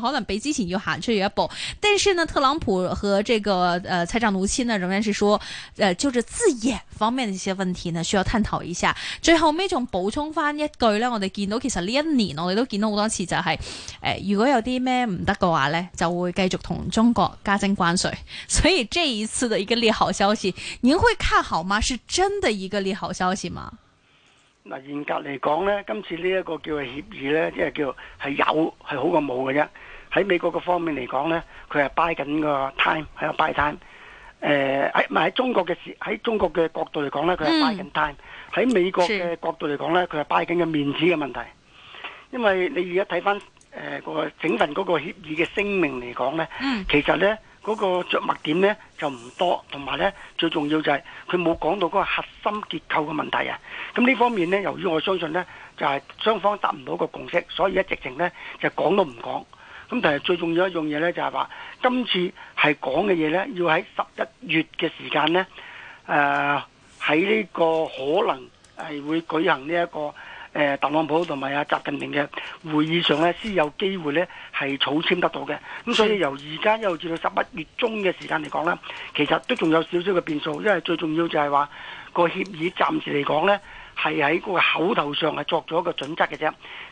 可能比之前要行出去一步。但是呢，特朗普和這個，呃，財長努欽呢，仍然是說，呃，就是字眼方面的一些問題呢，需要探討一下。最後尾仲補充翻一句呢，我哋見到其實呢一年我哋都見到好多次就係，誒、呃，如果有啲咩唔得嘅話呢，就會繼續同中國加徵關稅。所以這一次的一個利好消息，你會看好嗎？是真的一個利好消息嗎？嗱，嚴格嚟講咧，今次呢一個叫做協議咧，即係叫係有係好過冇嘅啫。喺美國嘅方面嚟講咧，佢係 buy 緊個 time，係啊 buy time。誒，喺唔係喺中國嘅時，喺中國嘅角度嚟講咧，佢係 buy 緊 time。喺美國嘅角度嚟講咧，佢係 buy 緊嘅面子嘅問題。因為你而家睇翻誒個整份嗰個協議嘅聲明嚟講咧，其實咧。嗰、那個著墨點呢就唔多，同埋呢最重要就係佢冇講到嗰個核心結構嘅問題啊！咁呢方面呢，由於我相信呢就係、是、雙方達唔到個共識，所以一直情呢就講都唔講。咁但係最重要一樣嘢呢，就係、是、話今次係講嘅嘢呢要喺十一月嘅時間呢，誒喺呢個可能係會舉行呢、這、一個。誒特朗普同埋阿習近平嘅會議上呢，先有機會呢，係草簽得到嘅。咁所以由而家一路至到十一月中嘅時間嚟講咧，其實都仲有少少嘅變數，因為最重要就係話個協議暫時嚟講呢，係喺個口頭上係作咗一個準則嘅啫。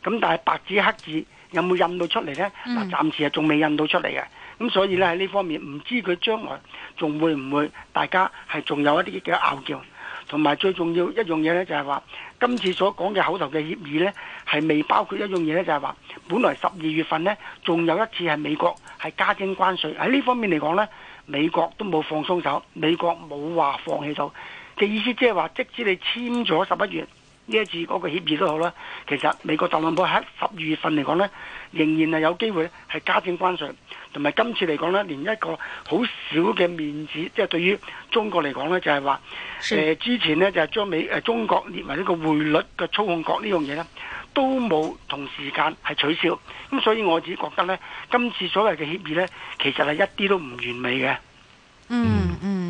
咁但係白紙黑字有冇印到出嚟呢？嗱、嗯，暫時係仲未印到出嚟嘅。咁所以呢，喺呢方面唔知佢將來仲會唔會大家係仲有一啲嘅拗撬。同埋最重要一樣嘢呢，就係話今次所講嘅口頭嘅協議呢，係未包括一樣嘢呢就係話本來十二月份呢，仲有一次係美國係加徵關稅喺呢方面嚟講呢，美國都冇放鬆手，美國冇話放棄到嘅意思，即係話即使你簽咗十一月呢一次嗰個協議都好啦，其實美國特朗普喺十二月份嚟講呢，仍然係有機會係加徵關稅。同埋今次嚟講呢，連一個好少嘅面子，即係對於中國嚟講呢，就係話誒之前呢就將美誒中國列為一個匯率嘅操控國呢樣嘢呢都冇同時間係取消。咁所以我自己覺得呢，今次所謂嘅協議呢，其實係一啲都唔完美嘅。嗯嗯。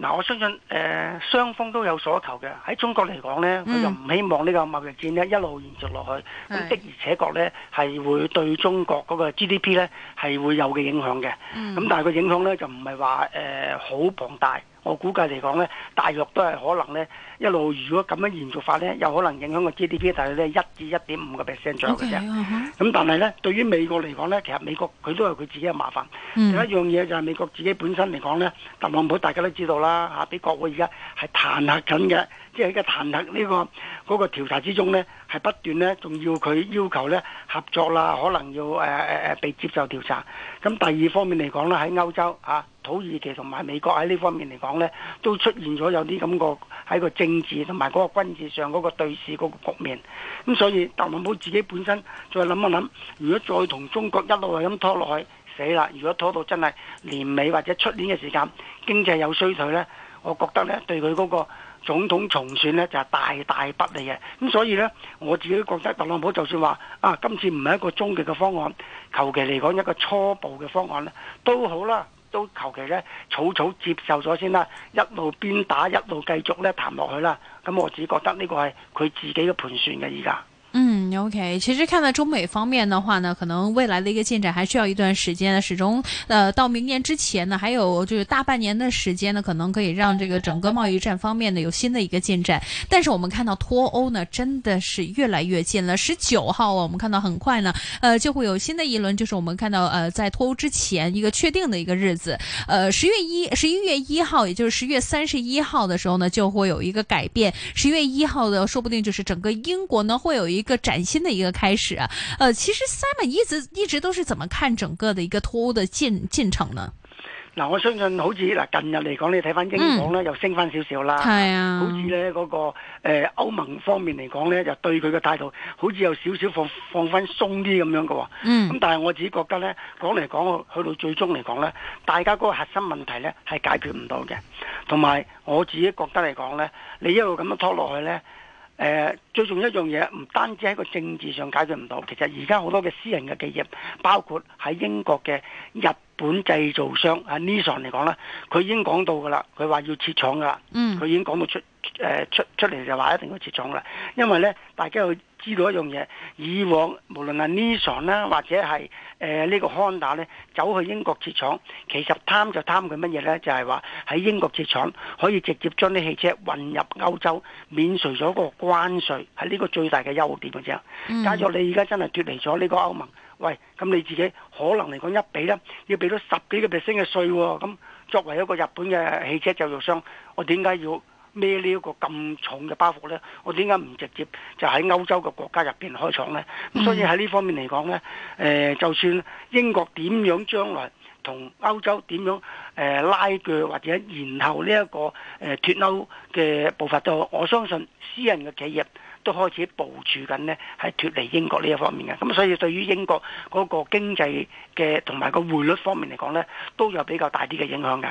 嗱，我相信誒雙方都有所求嘅。喺中國嚟講咧，佢就唔希望呢個貿易戰咧一路延續落去。咁的而且確咧，係會對中國嗰個 GDP 咧係會有嘅影響嘅。咁但係個影響咧就唔係話誒好龐大。我估計嚟講咧，大陸都係可能咧，一路如果咁樣延續法咧，有可能影響個 GDP，大概咧一至一點五個 percent 左右嘅啫。咁、okay, uh-huh. 但係咧，對於美國嚟講咧，其實美國佢都係佢自己嘅麻煩。另、嗯、一樣嘢就係美國自己本身嚟講咧，特朗普大家都知道啦，下俾國會而家係彈劾緊嘅。即係喺個彈劾呢、呢個、嗰個調查之中呢，係不斷呢仲要佢要求呢合作啦，可能要誒誒、呃呃呃、被接受調查。咁第二方面嚟講呢喺歐洲啊，土耳其同埋美國喺呢方面嚟講呢，都出現咗有啲咁個喺個政治同埋嗰個軍事上嗰個對峙嗰個局面。咁所以特朗普自己本身再諗一諗，如果再同中國一路係咁拖落去，死啦！如果拖到真係年尾或者出年嘅時間，經濟有衰退呢，我覺得呢對佢嗰、嗰個。總統重選呢就係大大不利嘅，咁所以呢，我自己覺得特朗普就算話啊今次唔係一個終極嘅方案，求其嚟講一個初步嘅方案呢都好啦，都求其呢草草接受咗先啦，一路邊打一路繼續咧談落去啦，咁我自己覺得呢個係佢自己嘅盤算嘅而家。嗯，OK，其實看到中美方面的話呢，可能未來的一個進展還需要一段時間，始終呃到明年之前呢，還有就是大半年的時間呢，可能可以讓這個整個貿易戰方面呢有新的一個進展。但是我們看到脫歐呢，真的是越來越近了。十九號啊，我們看到很快呢，呃，就會有新的一輪，就是我們看到呃在脫歐之前一個確定的一個日子，呃，十月一十一月一號，也就是十月三十一號的時候呢，就會有一個改變。十月一號的，說不定就是整個英國呢會有一。一個嶄新的一個開始，啊，誒、呃，其實 Simon 一直一直都是怎麼看整個的一個脱歐的進進程呢？嗱，我相信好似嗱近日嚟講，你睇翻英港咧、嗯、又升翻少少啦，係、哎、啊，好似咧嗰個誒、呃、歐盟方面嚟講咧，就對佢嘅態度好似有少少放放翻鬆啲咁樣嘅，嗯，咁但係我自己覺得咧，講嚟講去到最終嚟講咧，大家嗰個核心問題咧係解決唔到嘅，同埋我自己覺得嚟講咧，你一路咁樣拖落去咧。誒最重要一樣嘢，唔單止喺個政治上解決唔到，其實而家好多嘅私人嘅企業，包括喺英國嘅日本製造商阿 Nissan 嚟講啦，佢已經講到噶啦，佢話要撤廠噶啦，佢已經講到出。誒出出嚟就話一定要設廠啦，因為咧大家要知道一樣嘢，以往無論係 Nissan 啦，或者係誒呢個 Honda 咧，走去英國設廠，其實貪就貪佢乜嘢咧？就係話喺英國設廠可以直接將啲汽車運入歐洲，免除咗個關稅，係呢個最大嘅優點嘅啫。假如你而家真係脱離咗呢個歐盟，喂，咁你自己可能嚟講一比咧，要俾到十幾個 percent 嘅稅喎，咁、哦、作為一個日本嘅汽車製造商，我點解要孭呢一個咁重嘅包袱呢？我點解唔直接就喺歐洲嘅國家入邊開廠呢？咁所以喺呢方面嚟講呢，誒就算英國點樣將來同歐洲點樣誒拉鋸，或者然後呢一個誒脱歐嘅步伐都好，我相信私人嘅企業都開始部署緊呢係脱離英國呢一方面嘅。咁所以對於英國嗰個經濟嘅同埋個匯率方面嚟講呢，都有比較大啲嘅影響嘅。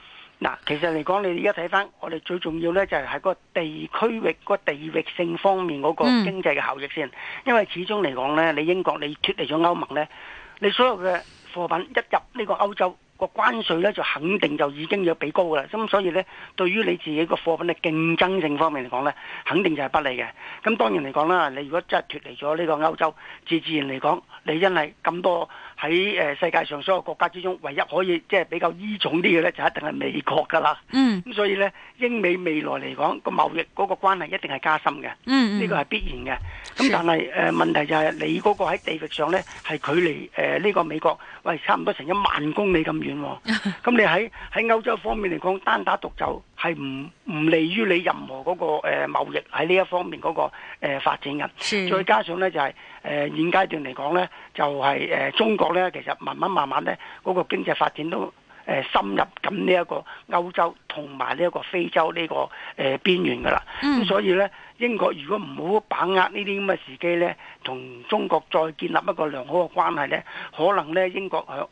嗱，其實嚟講，你而家睇翻，我哋最重要咧就係喺個地區域、個地域性方面嗰個經濟嘅效益先。因為始終嚟講咧，你英國你脱離咗歐盟咧，你所有嘅貨品一入呢個歐洲個關稅咧，就肯定就已經要俾高噶啦。咁所以咧，對於你自己個貨品嘅競爭性方面嚟講咧，肯定就係不利嘅。咁當然嚟講啦，你如果真係脱離咗呢個歐洲，自自然嚟講，你因為咁多。喺誒世界上所有國家之中，唯一可以即係比較依重啲嘅咧，就一定係美國㗎啦。嗯，咁所以咧，英美未來嚟講，個貿易嗰個關係一定係加深嘅。嗯嗯，呢個係必然嘅。咁但係誒問題就係，你嗰個喺地域上咧，係距離誒呢個美國喂差唔多成一萬公里咁遠喎。咁你喺喺歐洲方面嚟講，單打獨走。係唔唔利於你任何嗰、那個誒、呃、貿易喺呢一方面嗰、那個發、呃、發展嘅，再加上咧就係、是、誒、呃、現階段嚟講咧，就係、是呃、中國咧其實慢慢慢慢咧嗰、那個經濟發展都誒、呃、深入緊呢一個歐洲同埋呢一個非洲呢、這個誒、呃、邊緣㗎啦。咁、嗯、所以咧，英國如果唔好把握呢啲咁嘅時機咧，同中國再建立一個良好嘅關係咧，可能咧英國響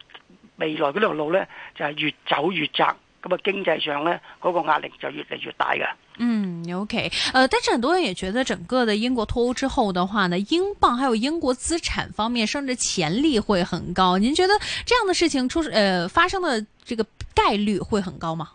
未來嗰條路咧就係、是、越走越窄。咁啊，經濟上呢，嗰、那個壓力就越嚟越大嘅。嗯，OK，誒、呃，但是很多人也覺得整個的英國脫歐之後的話呢，英鎊還有英國資產方面甚至潛力會很高。您覺得這樣的事情出誒、呃、發生的這個概率會很高嗎？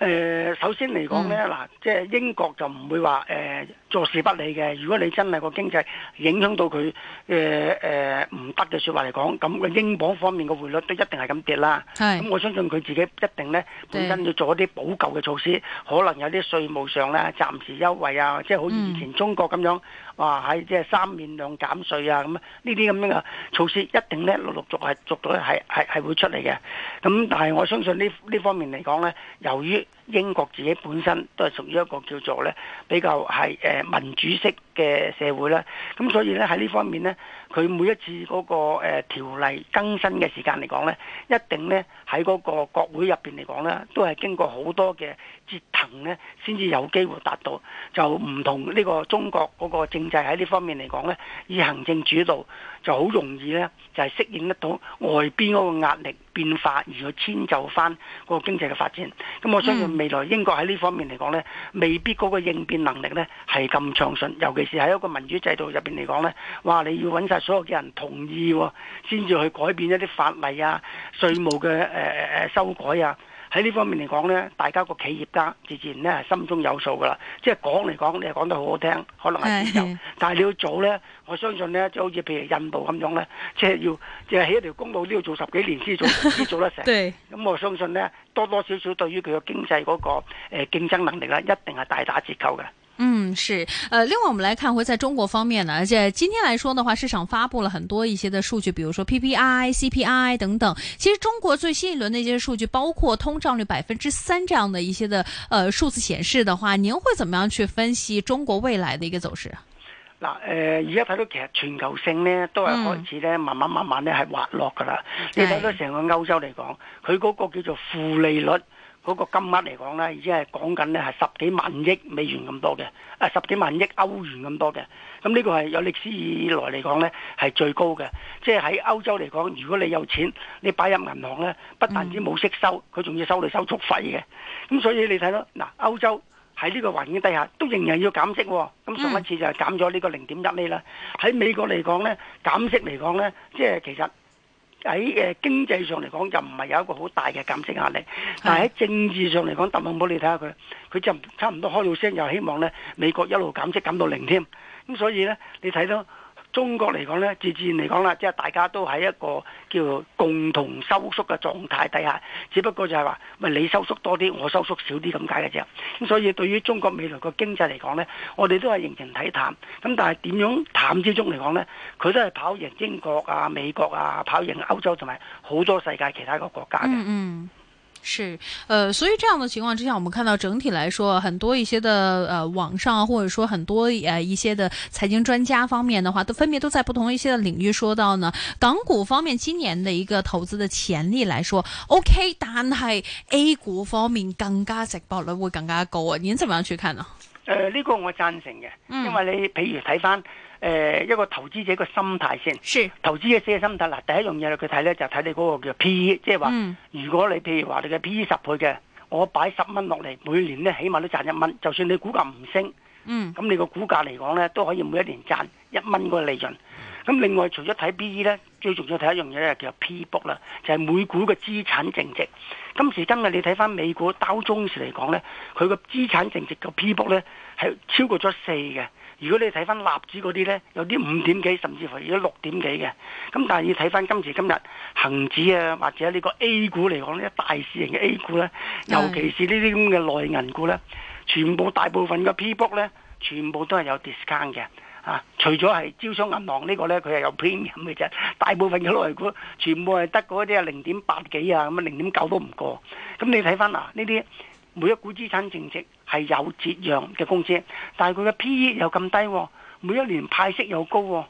誒、呃，首先嚟講呢，嗱、嗯，即係英國就唔會話誒。呃坐視不理嘅，如果你真係個經濟影響到佢嘅誒唔得嘅說話嚟講，咁英鎊方面個匯率都一定係咁跌啦。咁我相信佢自己一定呢，本身要做一啲補救嘅措施，可能有啲稅務上呢暫時優惠啊，即係好似以前中國咁樣，嗯、哇喺即係三面兩減稅啊咁，呢啲咁樣嘅措施一定呢，陸陸續係續到係係係會出嚟嘅。咁但係我相信呢呢方面嚟講呢，由於英國自己本身都係屬於一個叫做呢比較係民主式嘅社會啦，咁所以呢，喺呢方面呢，佢每一次嗰個誒條例更新嘅時間嚟講呢，一定呢喺嗰個國會入邊嚟講呢，都係經過好多嘅折騰呢，先至有機會達到。就唔同呢個中國嗰個政制喺呢方面嚟講呢，以行政主導就好容易呢，就係適應得到外邊嗰個壓力。變化而去遷就翻個經濟嘅發展，咁我相信未來英國喺呢方面嚟講呢，未必嗰個應變能力呢係咁暢順，尤其是喺一個民主制度入邊嚟講呢，哇！你要揾晒所有嘅人同意喎，先至去改變一啲法例啊、稅務嘅、呃、修改啊。喺呢方面嚟講呢，大家個企業家自然呢係心中有數㗎喇。即係講嚟講，你係講得好好聽，可能係自由， 但係你要做呢，我相信呢，就好似譬如印度咁樣呢，即、就、係、是、要即係起一條公路都要做十幾年先做先做得成。咁、 嗯、我相信呢，多多少少對於佢嘅經濟嗰、那個、呃、競競爭能力呢，一定係大打折扣嘅。嗯，是，呃，另外我們來看回在中國方面呢，而且今天來說的話，市場發佈了很多一些的數據，比如說 PPI、CPI 等等。其實中國最新一輪的一些數據，包括通脹率百分之三這樣的一些的，呃，數字顯示的話，您會怎麼樣去分析中國未來的一個走勢？嗱、呃，誒，而家睇到其實全球性呢都係開始咧、嗯、慢慢慢慢咧係滑落噶啦，你睇到成個歐洲嚟講，佢嗰個叫做負利率。嗰、那個金額嚟講咧，已經係講緊咧係十幾萬億美元咁多嘅，啊十幾萬億歐元咁多嘅。咁呢個係有歷史以來嚟講咧係最高嘅。即係喺歐洲嚟講，如果你有錢，你擺入銀行咧，不但止冇息收，佢仲要收你手續費嘅。咁所以你睇咯，嗱歐洲喺呢個環境底下都仍然要減息喎、哦。咁上一次就係減咗呢個零點一厘啦。喺、嗯、美國嚟講咧，減息嚟講咧，即、就、係、是、其實。喺經濟上嚟講，就唔係有一個好大嘅減息壓力，但係喺政治上嚟講，特朗普你睇下佢，佢就差唔多開到聲，又希望美國一路減息減到零添，咁所以呢，你睇到。中國嚟講呢，自自然嚟講啦，即係大家都喺一個叫共同收縮嘅狀態底下，只不過就係話，喂，你收縮多啲，我收縮少啲咁解嘅啫。咁所以對於中國未來個經濟嚟講呢，我哋都係仍然睇淡。咁但係點樣淡之中嚟講呢，佢都係跑贏英國啊、美國啊，跑贏歐洲同埋好多世界其他一個國家嘅。嗯嗯是，呃，所以這樣的情況之下，我們看到整體來說，很多一些的，呃，網上或者說很多，呃，一些的財經專家方面的話，都分別都在不同一些的領域說到呢，港股方面今年的一個投資的潛力來說，OK，但係 A 股方面更加值博率會更加高啊，您怎麼樣去看呢？呃，呢、這個我贊成嘅，嗯，因為你譬如睇翻。誒一個投資者嘅心態先，是投資者先嘅心態嗱，第一樣嘢佢睇呢，就睇你嗰個叫 PE 即係話、嗯、如果你譬如話你嘅 PE 十倍嘅，我擺十蚊落嚟，每年呢起碼都賺一蚊，就算你股價唔升，咁、嗯、你個股價嚟講呢，都可以每一年賺一蚊個利潤。咁另外除咗睇 B E 呢，最重要睇一樣嘢咧，叫做 PE book 啦，就係、是、每股嘅資產淨值。今時今日你睇翻美股道瓊斯嚟講呢，佢個資產淨值嘅 PE book 呢，係超過咗四嘅。如果你睇翻納指嗰啲呢，有啲五點幾，甚至乎而家六點幾嘅，咁但係要睇翻今時今日恒指啊，或者呢個 A 股嚟講呢，大市型嘅 A 股呢，尤其是呢啲咁嘅內銀股呢，全部大部分嘅 P book 呢全部都係有 discount 嘅，啊，除咗係招商銀行呢個呢，佢係有 premium 嘅啫，大部分嘅內股全部係得嗰啲啊零點八幾啊，咁啊零點九都唔過，咁你睇翻嗱呢啲，啊每一股資產淨值係有折讓嘅公司，但係佢嘅 P E 又咁低、哦，每一年派息又高、哦，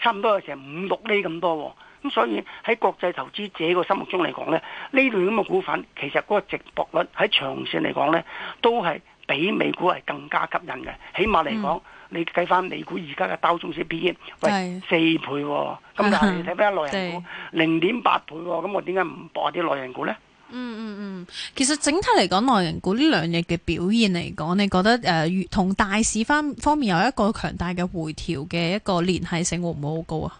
差唔多有成五六厘咁多、哦，咁所以喺國際投資者嘅心目中嚟講咧，呢類咁嘅股份其實嗰個值博率喺長線嚟講咧，都係比美股係更加吸引嘅。起碼嚟講、嗯，你計翻美股而家嘅 Dow Jones P E，喂四倍、哦，咁但係你睇翻內銀股零點八倍、哦，咁我點解唔博啲內銀股咧？嗯嗯嗯，其實整體嚟講，內銀股呢兩日嘅表現嚟講，你覺得誒，同、呃、大市方面有一個強大嘅回調嘅一個聯繫性會唔會好高啊？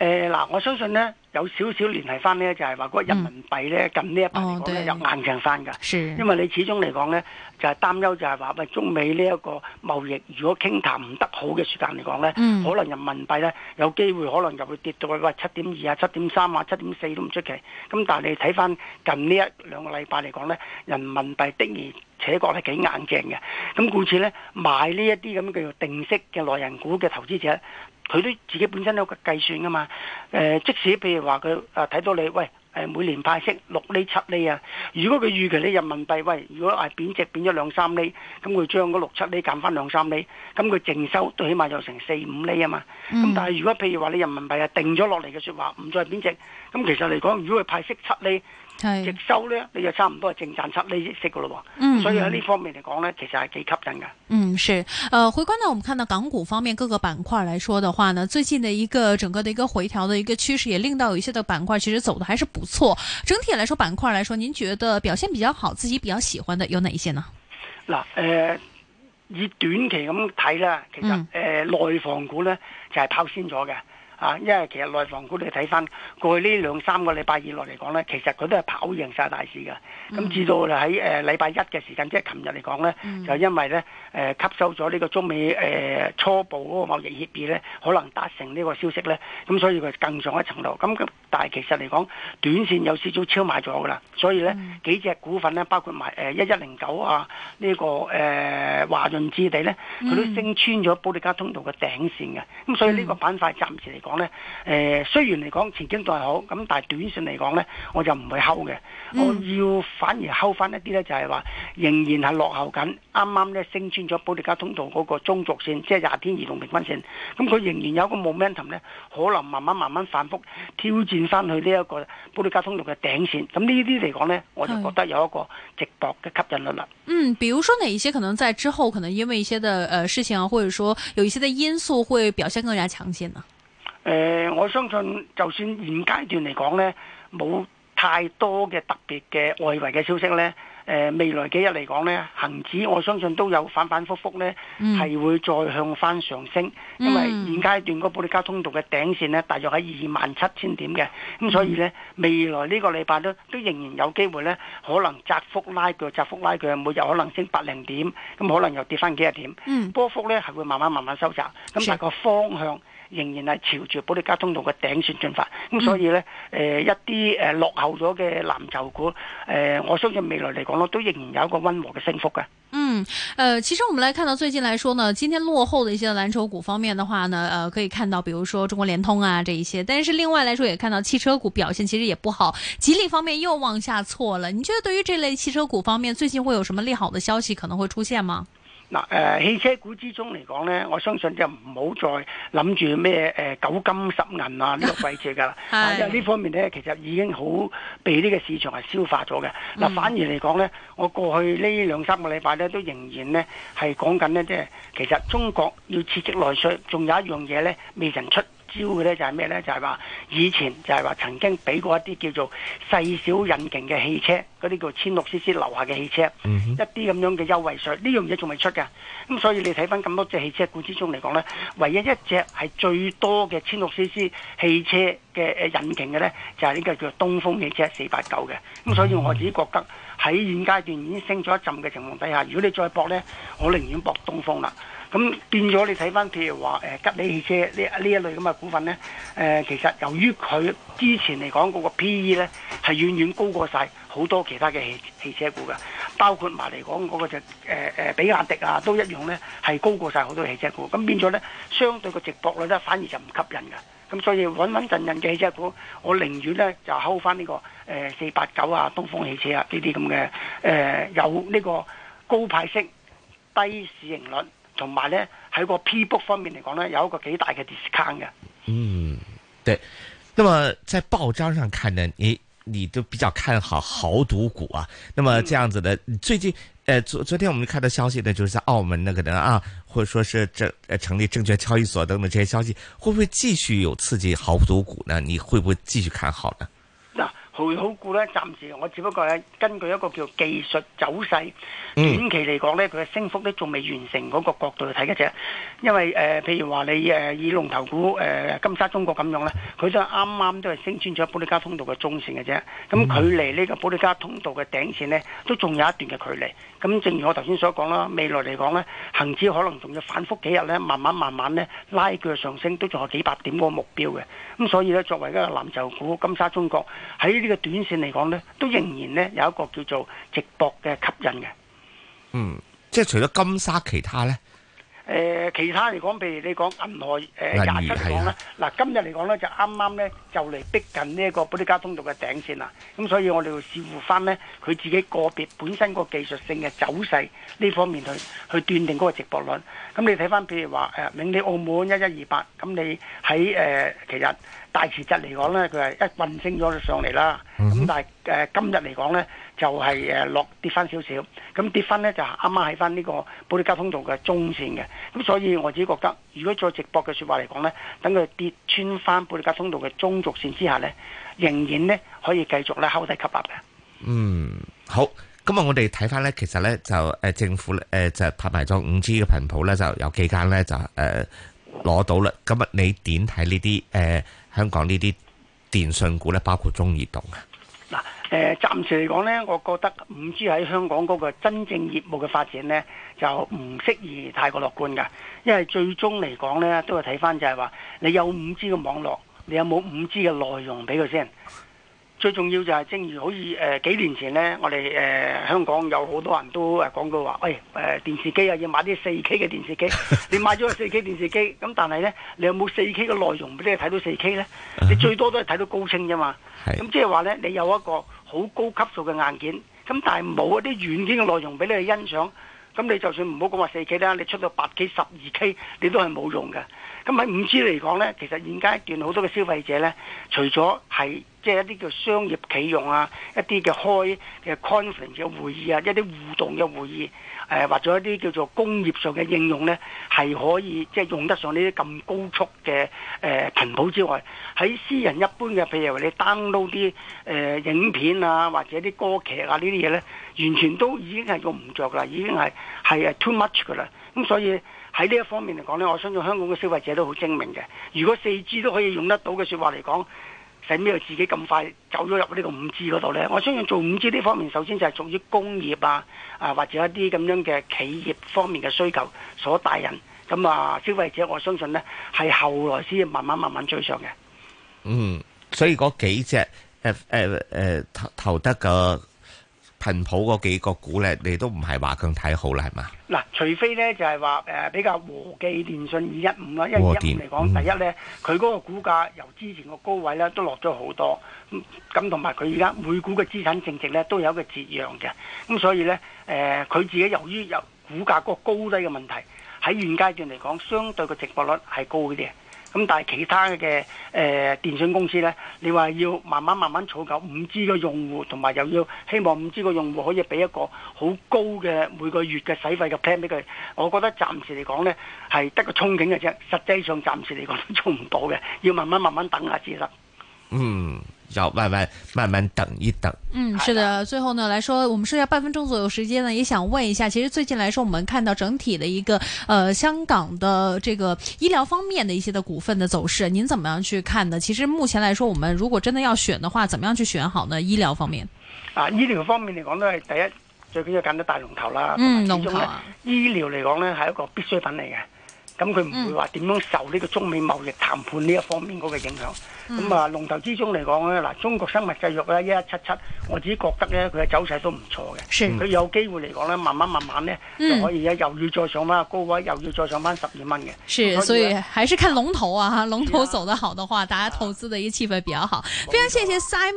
誒嗱，我相信呢，有少少聯繫翻呢，就係話嗰人民幣呢近呢一排嚟講呢，有硬淨翻噶，因為你始終嚟講呢，就係擔憂就係話，中美呢一個貿易如果傾談唔得好嘅時間嚟講呢、嗯，可能人民幣呢，有機會可能就會跌到去七點二啊、七點三啊、七點四都唔出奇。咁但係你睇翻近呢一兩個禮拜嚟講呢，人民幣的而且確係幾硬淨嘅。咁故此呢，買呢一啲咁叫做定息嘅內銀股嘅投資者。佢都自己本身都有個計算噶嘛、呃，即使譬如話佢睇到你，喂、呃，每年派息六厘、七厘啊，如果佢預期你人民幣，喂，如果係貶值貶咗兩三厘，咁佢將嗰六七厘減翻兩三厘，咁佢淨收都起碼有成四五厘啊嘛，咁、嗯、但係如果譬如話你人民幣啊定咗落嚟嘅說話，唔再係貶值，咁其實嚟講，如果佢派息七厘。係，直收咧，你就差唔多係淨賺七厘息噶咯喎。嗯，所以喺呢方面嚟講咧，其實係幾吸引噶。嗯是，呃回觀呢，我們看到港股方面各個板塊來說的話呢，最近的一個整個的一個回調的一個趨勢，也令到有一些的板塊其實走得還是不錯。整體來說板塊來說，您覺得表現比較好、自己比較喜歡的有哪一些呢？嗱，誒，以短期咁睇啦，其實誒、嗯呃、內房股咧就係、是、拋先咗嘅。啊，因為其實內房股你睇返過去呢兩三個禮拜以來嚟講呢，其實佢都係跑贏晒大市㗎。咁至到，mm-hmm. 喺禮拜一嘅時間，即係琴日嚟講呢，mm-hmm. 就因為呢。誒吸收咗呢個中美誒初步嗰個貿易協議咧，可能達成呢個消息咧，咁所以佢更上一層樓。咁但係其實嚟講，短線有少少超賣咗㗎啦。所以咧，幾隻股份咧，包括埋誒一一零九啊，呢、這個誒華潤置地咧，佢都升穿咗保利加通道嘅頂線嘅。咁所以呢個板塊暫時嚟講咧，誒雖然嚟講前景都係好，咁但係短線嚟講咧，我就唔會睺嘅。我要反而睺返一啲咧，就係話仍然係落後緊，啱啱咧升穿。咗保利加通道嗰個中軸線，即係廿天移動平均線，咁佢仍然有一個 momentum 呢，可能慢慢慢慢反複挑戰翻去呢一個保利加通道嘅頂線，咁呢啲嚟講呢，我就覺得有一個值博嘅吸引力啦。嗯，比如說哪一些可能在之後可能因為一些嘅誒事情啊，或者說有一些嘅因素會表現更加強勁呢？誒、呃，我相信就算現階段嚟講呢，冇太多嘅特別嘅外圍嘅消息呢。誒、呃，未來幾日嚟講咧，恒指我相信都有反反覆覆咧，係、mm. 會再向翻上升，因為現階段嗰個保歷加通道嘅頂線咧，大約喺二萬七千點嘅。咁所以咧，未來呢個禮拜都都仍然有機會咧，可能窄幅拉鋸，窄幅拉鋸，每日可能升八零點，咁可能又跌翻幾廿點，mm. 波幅咧係會慢慢慢慢收窄，咁但係個方向。仍然係朝住保利加通道嘅頂線進發，咁、嗯嗯、所以呢，誒、呃、一啲誒落後咗嘅藍籌股，誒、呃、我相信未來嚟講咯，都仍然有一個温和嘅升幅嘅。嗯，誒、呃，其實我們來看到最近來說呢，今天落後的一些藍籌股方面嘅話呢，誒、呃、可以看到，比如說中國聯通啊，這一些，但是另外來說也看到汽車股表現其實也不好，吉利方面又往下挫了。你覺得對於這類汽車股方面，最近會有什麼利好嘅消息可能會出現嗎？嗱，誒汽車股之中嚟講咧，我相信就唔好再諗住咩誒九金十銀啊呢個季節㗎啦，因為呢方面咧其實已經好被呢個市場係消化咗嘅。嗱、嗯，反而嚟講咧，我過去呢兩三個禮拜咧都仍然咧係講緊咧，即係其實中國要刺激內需，仲有一樣嘢咧未曾出。招嘅咧就係咩咧？就係、是、話以前就係話曾經俾過一啲叫做細小,小引擎嘅汽車，嗰啲叫千六 CC 樓下嘅汽車，嗯、一啲咁樣嘅優惠稅，呢樣嘢仲未出嘅。咁所以你睇翻咁多隻汽車股之中嚟講咧，唯一一隻係最多嘅千六 CC 汽車嘅誒引擎嘅咧，就係呢個叫做東風汽車四八九嘅。咁所以我自己覺得喺現階段已經升咗一陣嘅情況底下，如果你再搏咧，我寧願搏東風啦。咁變咗你睇翻，譬如話吉利汽車呢呢一類咁嘅股份呢、呃，其實由於佢之前嚟講嗰個 P E 呢，係遠遠高過晒好多其他嘅汽汽車股嘅，包括埋嚟講嗰隻、呃、比亞迪啊，都一樣呢，係高過晒好多汽車股。咁變咗呢，相對個值博率呢，反而就唔吸引嘅。咁所以穩穩陣陣嘅汽車股，我寧願呢，就 hold 翻、這、呢個誒四八九啊、東風汽車啊呢啲咁嘅有呢個高派息、低市盈率。同埋呢，喺個 P book 方面嚟講呢，有一個幾大嘅 discount 嘅。嗯，對。那麼在報章上看呢，你你都比較看好豪賭股啊？那麼這樣子的、嗯，最近呃昨昨天我們看到消息呢，就是在澳門那個的啊，或者說是這、呃、成立證券交易所等等這些消息，會不會繼續有刺激豪賭股呢？你會不會繼續看好呢？佢好估咧，暫時我只不過係根據一個叫技術走勢，短期嚟講咧，佢嘅升幅咧仲未完成嗰個角度去睇嘅啫。因為誒、呃，譬如話你誒、呃、以龍頭股誒、呃、金沙中國咁樣咧，佢都係啱啱都係升穿咗保力加通道嘅中線嘅啫。咁距離呢個保力加通道嘅頂線咧，都仲有一段嘅距離。咁正如我頭先所講啦，未來嚟講咧，恆指可能仲要反覆幾日咧，慢慢慢慢咧拉腳上升，都仲有幾百點嗰個目標嘅。咁所以咧，作為一個藍籌股金沙中國喺呢、這個短線嚟講呢，都仍然呢有一個叫做值博嘅吸引嘅。嗯，即係除咗金沙，其他呢。誒、呃，其他嚟講，譬如你講銀河誒廿七講啦，嗱、呃呃、今日嚟講呢，就啱啱呢就嚟逼近呢一個保歷加通道嘅頂線啦。咁所以我哋要視乎翻呢佢自己個別本身個技術性嘅走勢呢方面去去斷定嗰個值博率。咁你睇翻譬如話誒、呃、永利澳門一一二八，咁你喺誒其實。大時質嚟講咧，佢係一運升咗上嚟啦。咁、嗯、但係誒、呃、今日嚟講咧，就係誒落跌翻少少。咁跌翻咧就啱啱喺翻呢個布利加通道嘅中線嘅。咁所以我只覺得，如果再直播嘅説話嚟講咧，等佢跌穿翻布利加通道嘅中軸線之下咧，仍然咧可以繼續咧敲低吸納嘅。嗯，好。今日我哋睇翻咧，其實咧就誒政府誒、呃、就拍埋咗五 G 嘅頻譜咧，就有幾間咧就誒攞、呃、到啦。今日你點睇呢啲誒？呃香港呢啲電信股咧，包括中移動啊。嗱，誒暫時嚟講呢，我覺得五 G 喺香港嗰個真正業務嘅發展呢，就唔適宜太過樂觀嘅，因為最終嚟講呢都要睇翻就係話，你有五 G 嘅網絡，你有冇五 G 嘅內容俾佢先。最重要就係，正如好似、呃、幾年前呢，我哋、呃、香港有好多人都誒講過話，喂、呃、電視機啊，要買啲四 K 嘅電視機。 你買咗個四 K 電視機，咁但係呢，你有冇四 K 嘅內容俾你睇到四 K 呢，你最多都係睇到高清啫嘛。咁即係話呢，你有一個好高級數嘅硬件，咁但係冇一啲軟件嘅內容俾你去欣賞，咁你就算唔好講話四 K 啦，你出到八 K、十二 K，你都係冇用嘅。咁喺五 G 嚟講呢，其實現階段好多嘅消費者呢，除咗係即係一啲叫商業企用啊，一啲嘅開嘅 conference 嘅會議啊，一啲互動嘅會議，誒、呃、或者一啲叫做工業上嘅應用呢，係可以即係、就是、用得上呢啲咁高速嘅誒、呃、頻譜之外，喺私人一般嘅，譬如話你 download 啲誒、呃、影片啊，或者啲歌劇啊呢啲嘢呢，完全都已經係用唔著啦，已經係係 too much 噶啦，咁所以。喺呢一方面嚟講呢，我相信香港嘅消費者都好精明嘅。如果四 G 都可以用得到嘅説話嚟講，使咩要自己咁快走咗入呢個五 G 嗰度呢？我相信做五 G 呢方面，首先就係屬於工業啊啊，或者一啲咁樣嘅企業方面嘅需求所帶人。咁啊，消費者我相信呢係後來先慢慢慢慢追上嘅。嗯，所以嗰幾隻誒誒投得嘅。呃陳普嗰幾個股咧，你都唔係話咁睇好啦，係嘛？嗱，除非咧就係話誒比較和記 215, 和電訊，二一五啦，因為二一五嚟講，第一咧佢嗰個股價由之前個高位咧都落咗好多，咁同埋佢而家每股嘅資產淨值咧都有一個折讓嘅，咁所以咧誒佢自己由於由股價嗰個高低嘅問題，喺現階段嚟講，相對個直播率係高啲嘅。咁但係其他嘅誒、呃、電信公司呢，你話要慢慢慢慢儲夠 5G 嘅用戶，同埋又要希望 5G 嘅用戶可以俾一個好高嘅每個月嘅使費嘅 plan 俾佢，我覺得暫時嚟講呢，係得個憧憬嘅啫，實際上暫時嚟講都做唔到嘅，要慢慢慢慢等下至得。嗯。要慢慢慢慢等一等。嗯，是的。是的。最後呢來說，我們剩下半分鐘左右時間呢，也想問一下，其實最近來說，我們看到整體的一個呃香港的這個醫療方面的一些的股份的走勢，您怎麼樣去看呢？其實目前來說，我們如果真的要選的話，怎麼樣去選好呢？醫療方面啊，醫療方面嚟講呢，第一，最緊要揀到大龍頭啦。嗯，龍頭啊。醫療嚟講呢，係一個必需品嚟嘅。咁佢唔會話點樣受呢個中美貿易談判呢一方面嗰個影響，咁、嗯、啊，龍頭之中嚟講咧，嗱，中國生物製藥咧，一一七七，我自己覺得咧，佢嘅走勢都唔錯嘅。佢有機會嚟講咧，慢慢慢慢咧、嗯，就可以咧、啊，又要再上翻高位，又要再上翻十二蚊嘅。是、啊，所以還是看龍頭啊！龍頭走得好的話、啊、大家投資的一個氣氛比較好。非常謝謝 Simon。